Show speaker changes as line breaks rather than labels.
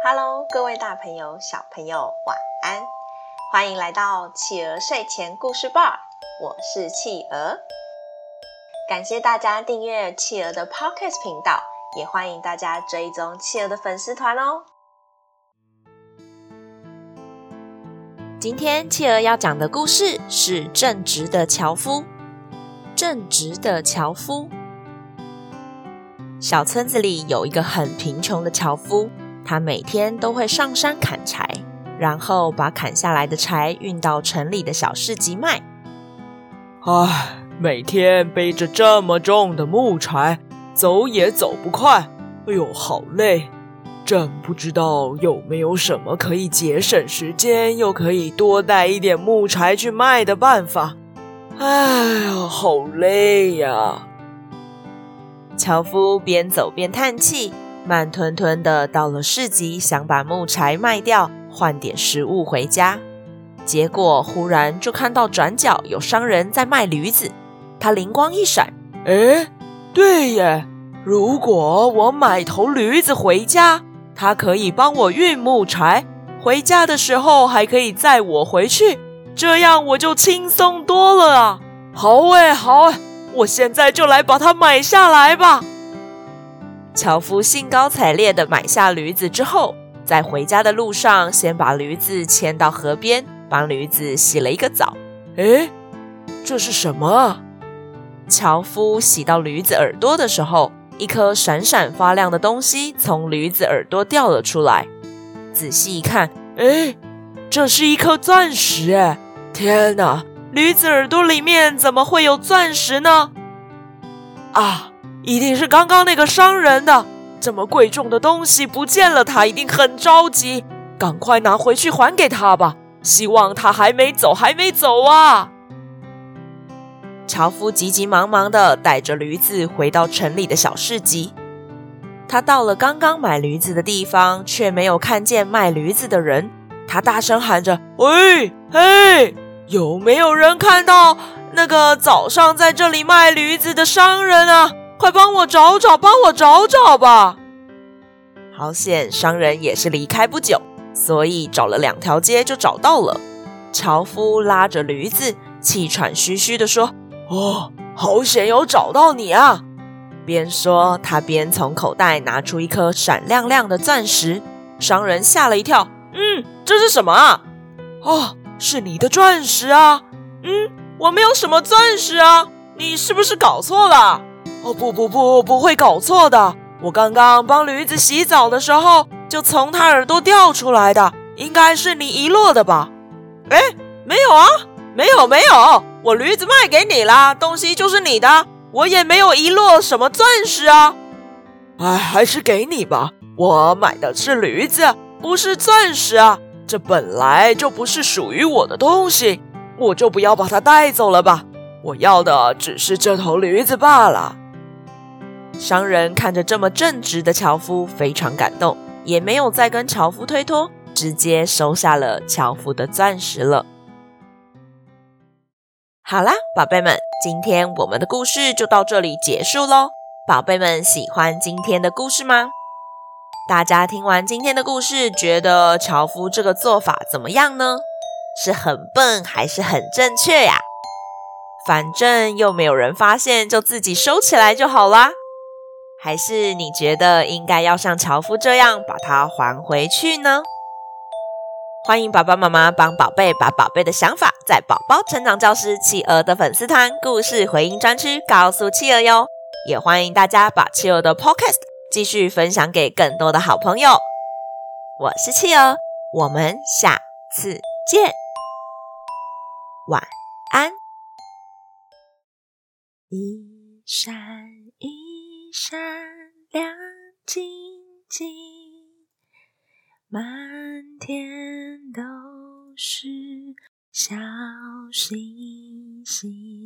Hello，各位大朋友、小朋友，晚安！歡迎來到企鵝睡前故事吧，我是企鵝。感謝大家訂閱企鵝的 Podcast 頻道，也歡迎大家追蹤企鵝的粉絲團哦。今天企鵝要講的故事是正《正直的樵夫》。正直的樵夫，小村子裡有一個很貧窮的樵夫。他每天都會上山砍柴，然後把砍下來的柴運到城裡的小市集賣。唉，每天背着這麼重的木柴，走也走不快。哎呦，好累！真不知道有沒有什麼可以節省時間，又可以多帶一點木柴去賣的辦法。哎呀，好累呀、啊！樵夫邊走邊嘆氣。慢吞吞的到了市集，想把木柴賣掉，換點食物回家。結果忽然就看到轉角有商人在賣驢子，他靈光一閃：“哎，對耶，如果我買頭驢子回家，他可以幫我運木柴，回家的時候還可以載我回去，這樣我就輕鬆多了啊！好哎，好哎，我現在就來把它買下來吧。”樵夫興高采烈地買下驢子之後，在回家的路上，先把驢子牽到河邊，幫驢子洗了一個澡。誒，這是什麼啊？樵夫洗到驢子耳朵的時候，一顆閃閃發亮的東西從驢子耳朵掉了出來。仔細一看，誒，這是一顆鑽石！誒，天哪，驢子耳朵裡面怎麼會有鑽石呢？啊！一定是剛剛那個商人的，這麼貴重的東西不見了，他一定很着急，趕快拿回去還給他吧。希望他還沒走，還沒走啊！樵夫急急忙忙的帶着驢子回到城裡的小市集，他到了剛剛買驢子的地方，卻沒有看見賣驢子的人。他大聲喊着：“喂，嘿，有沒有人看到那個早上在這裡賣驢子的商人啊？”快幫我找找，幫我找找吧！好險，商人也是離開不久，所以找了兩條街就找到了。樵夫拉着驢子，氣喘吁吁地說：“哦，好險有找到你啊！”邊說他邊從口袋拿出一顆閃亮亮的鑽石。商人嚇了一跳：“嗯，這是什麼啊？哦，是你的鑽石啊！嗯，我沒有什麼鑽石啊，你是不是搞錯了？”哦、oh, 不不不，不會搞錯的。我剛剛幫驢子洗澡的時候，就從它耳朵掉出來的，應該是你遺落的吧？誒，沒有啊，沒有沒有，我驢子賣給你啦，東西就是你的。我也沒有遺落什麼鑽石啊。哎，還是給你吧。我買的是驢子，不是鑽石啊。這本來就不是屬於我的東西，我就不要把它帶走了吧。我要的只是這頭驢子罷了。商人看着這麼正直的樵夫，非常感動，也沒有再跟樵夫推脫，直接收下了樵夫的鑽石了。好啦，寶貝們，今天我們的故事就到這裡結束咯。寶貝們喜歡今天的故事嗎？大家聽完今天的故事，覺得樵夫這個做法怎麼樣呢？是很笨，還是很正確呀、啊？反正又沒有人發現，就自己收起來就好啦。還是你覺得應該要像樵夫這樣把它還回去呢？歡迎爸爸媽媽幫寶貝把寶貝的想法在寶寶成長教室企鵝的粉絲團故事回音專區告訴企鵝喲。也歡迎大家把企鵝的 podcast 繼續分享給更多的好朋友。我是企鵝，我們下次見，晚安。一閃一。一閃亮晶晶，滿天都是小星星。